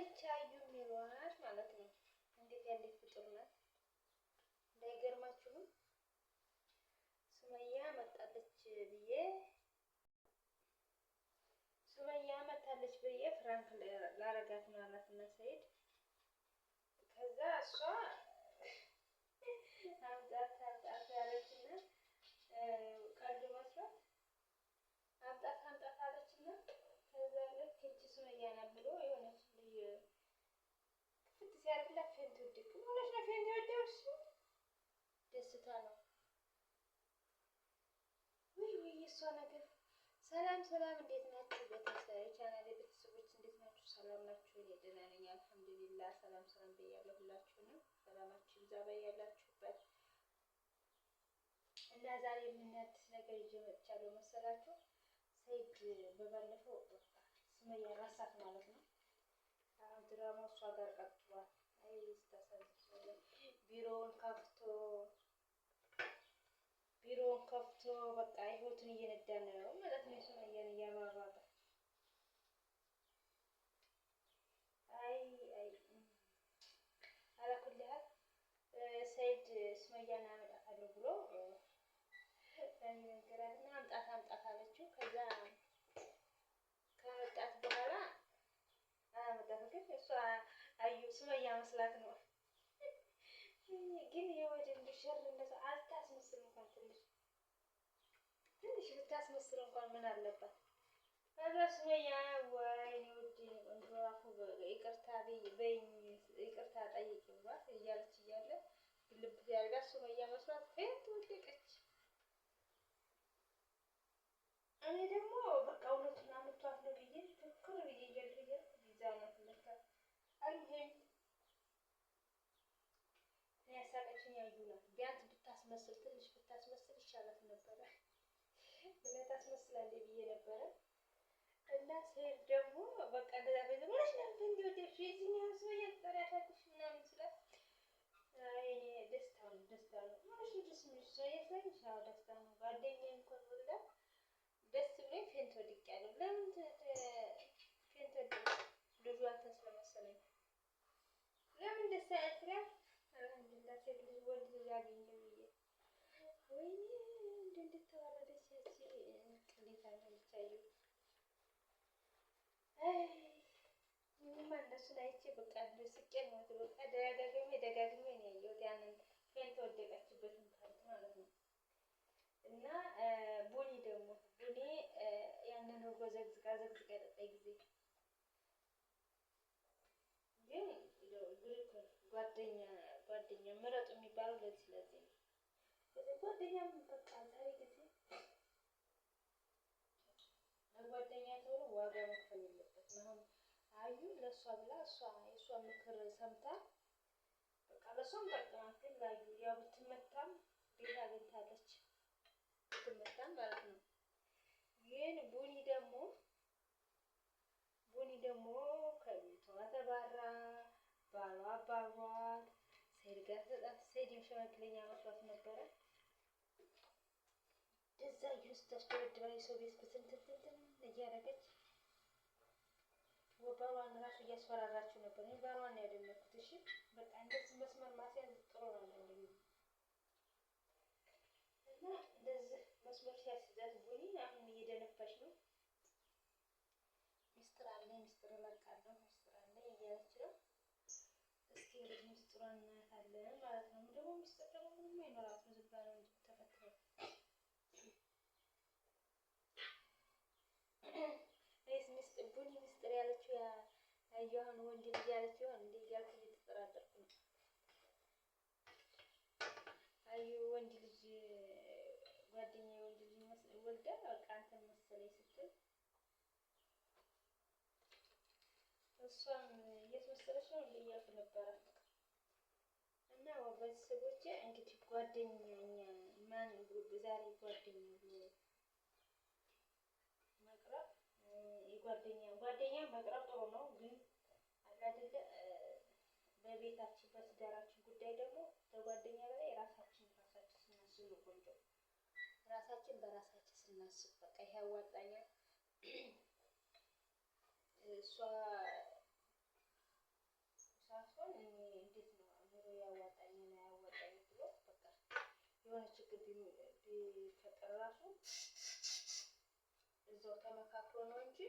እች አዩ የሚሏት ማለት ነው። እንዴት ያለች ፍጡር ናት! እንዳይገርማችሁም ሱመያ መጣለች ብዬ ሱመያ መጣለች ብዬ ፍራንክ ላረጋት ነው አላት እና ሰይድ ከዛ እሷ ሰላም እንዴት ናችሁ? ቤተሰብ የቻናል ቤተሰቦች እንዴት ናችሁ? ሰላም ናችሁ? እኔ ደህና ነኝ፣ አልሐምዱሊላህ። ሰላም ሰላም ብያለሁ ሁላችሁንም፣ ሰላማችሁ ይብዛ ባላችሁበት። እና ዛሬ የምናያት ነገር ይዤ መጥቻለሁ መሰላችሁ። ሰይድ በባለፈው ሱመያ ራሳት ማለት ነው። አሁን ድራማው እሷ ጋር ቀጥሏል። አይ ቢሮውን ከፍቶ ቢሮውን ከፍቶ በቃ ህይወቱን እየነዳ ነው መስላት ነው። ግን የወደድ ሸርነቱ አልታስመስል እንኳን ትንሽ ትንሽ ብታስመስል እንኳን ምን አለባት? በበስ ወይ ወይኔ ውድ ቆንጆ አፉ ይቅርታ በይኝ ይቅርታ ጠይቅ ባት እያለች እያለ ልብ ያደርጋት ሱመያ መስሏት ግን ብታስመስል ትንሽ ብታስመስል ይሻላት ነበረ ብላ ታስመስላለች ብዬ ነበረ እና ሴት ደግሞ በቃ እንደዛ ይሁማ እነሱን አይቼ በቃ ስቄ ነው በቃ ደጋግሜ ደጋግሜ ነው ያየሁት ያንን ፌንት ወደቀችበትን ማለት ነው። እና ቡኒ ደግሞ ቡኒ ያንን እርጎ ዘግዝቃ ዘግዝቃ የጠጣኝ ጊዜ ግን ጓደኛ ጓደኛ ምረጡ የሚባለው ለዚህ ለዚህ ጓደኛም በቃ ዛሬ አዩ ለእሷ ብላ እሷ የእሷ ምክር ሰምታ በቃ ለእሷም ጠቅማት፣ ግን ላዩ ያው ብትመታም ቤት አግኝታለች ብትመታም ማለት ነው። ግን ቡኒ ደግሞ ቡኒ ደግሞ ከቤቷ ተባራ ባሏ አባሯት ሰይድ ጋር ተጣት። ሰይድ ሽማግለኛ መስሏት ነበረ ደዛ ዩስ ተስተወድባ የሰው ቤት ብትንትንትን እያደረገች ባሏን እራሱ እያስፈራራችሁ ነበር። እኔ ባሏን ያደነኩት። እሺ በቃ እንደዚህ መስመር ማስያዝ ጥሩ ነው እንደዚህ መስመር ሲያዝ አየሁን ወንድ እያለች ይሆን እንዴ እያልኩ እየተጠራጠርኩ ነው። አዩ ወንድ ልጅ ጓደኛ ወንድ ልጅ ወልዳ በቃ አንተን መሰለኝ ስትል እሷም እየተመሰለች ነው እንዴ እያልኩ ነበረ። እና እንግዲህ ጓደኛ ማን ዛሬ ጓደኛ ብሎ መቅረብ ጓደኛ ጓደኛ መቅረብ ጥሩ ነው ግን አደለ? በቤታችን በትዳራችን ጉዳይ ደግሞ ከጓደኛ በላይ ራሳችን ራሳችን ስናስብ ነው ቆንጆ። ራሳችን በራሳችን ስናስብ በቃ ይሄ ያዋጣኛል እሷ ሳትሆን እኔ እንዴት ነው ኑሮ ያዋጣኛል አያዋጣኝም ብሎ በቃ የሆነ ችግር ቢፈጠር ራሱ እዛው ተመካክሮ ነው እንጂ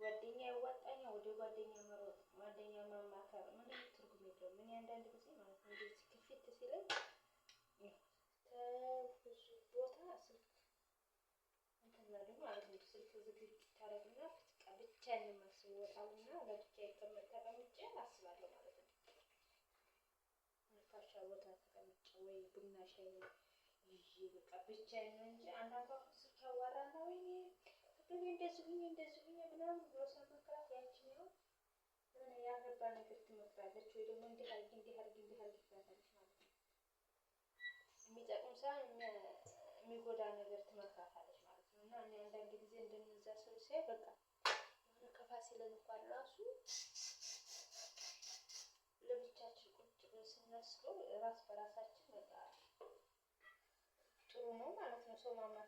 ጓደኛ ያዋጣኝ ወደ ጓደኛ መሮጥ፣ ጓደኛ ማማከር ምንም ትርጉም የለውም። እኔ አንዳንድ ጊዜ ማለት ነው እንደዚህ ክፍት ሲለኝ ከብዙ ቦታ ስልክ እንትናለሁ ማለት ነው። ስልክ ዝግጅ ታደርግና ፍጥቃ ብቻ የማስብ ይወጣልና ለብቻ ይቀመጥ ተቀምጬ አስባለሁ ማለት ነው። ነፋሻ ቦታ ተቀምጬ ወይ ቡና ሻይ ይዤ በቃ ብቻ ነው እንጂ እኔ እንደዚህ ሁኜ እንደዚህ ሁኜ ምናምን ብሎ ሳይመክራት ያችኛው የሆነ ያገባ ነገር ትመክራለች ወይ ደግሞ እንዲህ አድርጊ እንዲህ አድርጊ እንዲህ አድርጊ ትላታለች ማለት ነው። የሚጠቅም ሳይሆን የሚጎዳ ነገር ትመክራታለች ማለት ነው። እና እኔ አንዳንድ ጊዜ እንደሚዛ ሰው ሲያይ በቃ የሆነ ከፋሲል እንኳን ራሱ ለብቻችን ቁጭ ብለን ስናስበው ራስ በራሳችን በቃ ጥሩ ነው ማለት ነው ሰው ማማት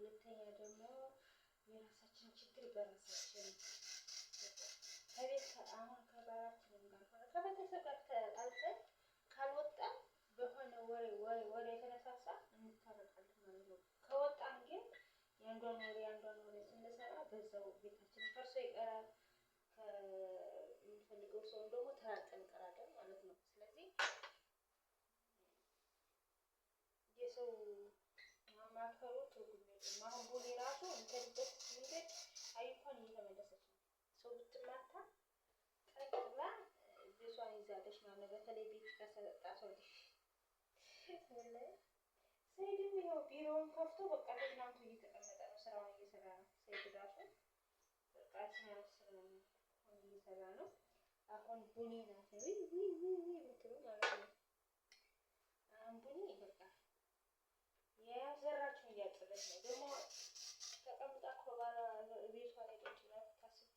ሁለተኛ ደግሞ የራሳችን ችግር በራሳችን ከቤት አሁን ከባላችን ጋር ከቤተሰብ ጋር ተጣልተን ካልወጣን በሆነ ወሬ ወሬ ወሬ የተነሳሳ እንታረቃለን ማለት ነው። ከወጣን ግን የአንዷን ወሬ የአንዷን ወሬ ስንሰራ በዛው ቤታችን ፈርሶ ይቀራል። የምንፈልገው ሰውን ደግሞ ተራርቀን እንቀራለን ማለት ነው። ስለዚህ የሰው አይደለም። አሁን ራሱ እንደልበት መንገድ አይቷን እየተመለሰች ነው። ሰው ብትማታ ቀጥ ብላ ቤቷን ይዛለች ማለት ነው። በተለይ ቤት ከሰጣ ሰው ልጅ ሰይድም ይኸው ቢሮውን ከፍቶ በቃ ትናንቱ እየተቀመጠ ነው፣ ስራውን እየሰራ ነው። ሰይድ ራሱ በቃ ስራውን እየሰራ ነው። አሁን ቦሌ ናት ነው ማለት ነው። ደግሞ ተቀምጣ ከባላ ቤቷ ላይ ቁጭ ብላ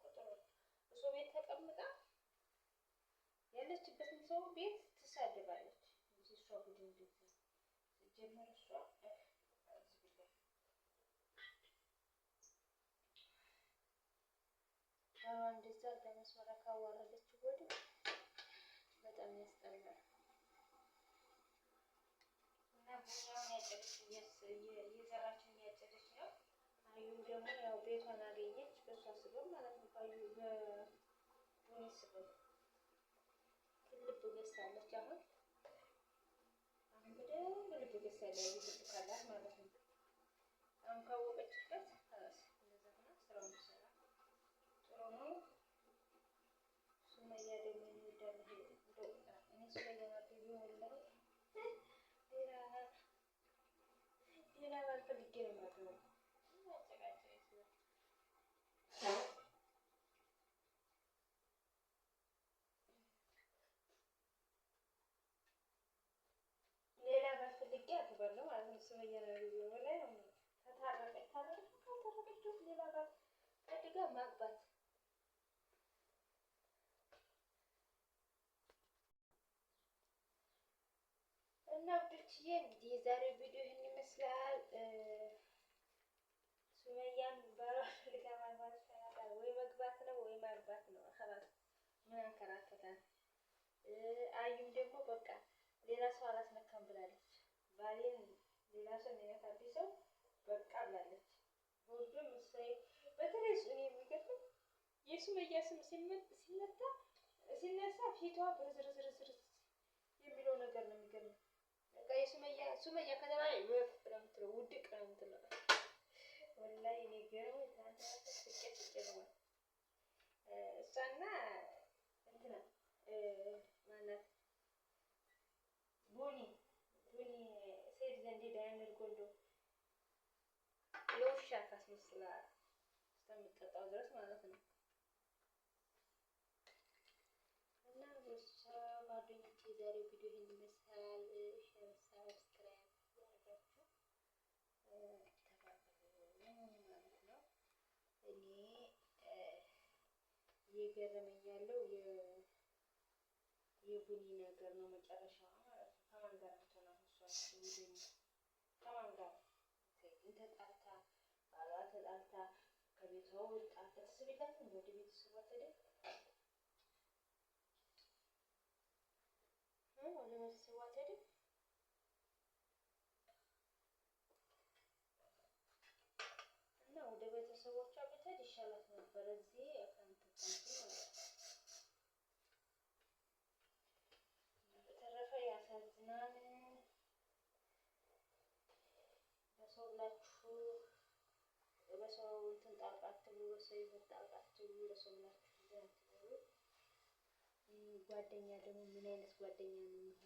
ቁጥር እሱ ቤት ተቀምጣ ያለችበትን ሰው ቤት ትሳድባለች። እሷ ጀመር እሷ እንደዛ በመስመር ደግሞ ያው ቤቷን አገኘች በእሷ ስበብ ማለት ነው። በቡኒ ስበብ ልብ ገዝታለች። አሁን አሁን በደንብ ልብ ገዝታለች። ልብ ካላት ማለት ነው እና ውዶችዬ እንግዲህ የዛሬው ቪዲዮ ይህን ይመስላል። ሱመያን ባሏን ልጋ ማግባት ወይ መግባት ነው ወይ ማግባት ነው። አኸላስ ምን አንከራተታል? አዩም ደግሞ በቃ ሌላ ሰው አላስነካም ብላለች ባሌን ሌላ ሰው የሚነካብኝ ሰው በቃ ብላለች። በሁሉም ምስራዬ በተለይ እኔ የሚገርመኝ የሱመያ ስም ሲነሳ ሲነሳ ፊቷ ብርዝርዝርዝር የሚለው ነገር ነው የሚገርመኝ። በቃ የሱመያ ሱመያ ከተባለ ወፍ ነው የምትለው ውድቅ ነው የምትለው ወላሂ እኔ ገርሞኝ ትናንትና ስቄ ስቄ ነው እስከምጠጣው ድረስ ማለት ነው። እና ጓደኞቼ የዛሬ ቪዲዮ ይህን ይመስላል። ሼር፣ ሰብስክራይብ ያደርጋችሁ ተባበሩ ማለት ነው። እኔ እየገረመኝ ያለው የቡኒ ነገር ነው መጨረሻዋ ማለት ነው። ከማን ጋር ነው ተናግሷል? በወጣት በህይወት ጓደኛ ደግሞ ምን አይነት ጓደኛ ነው?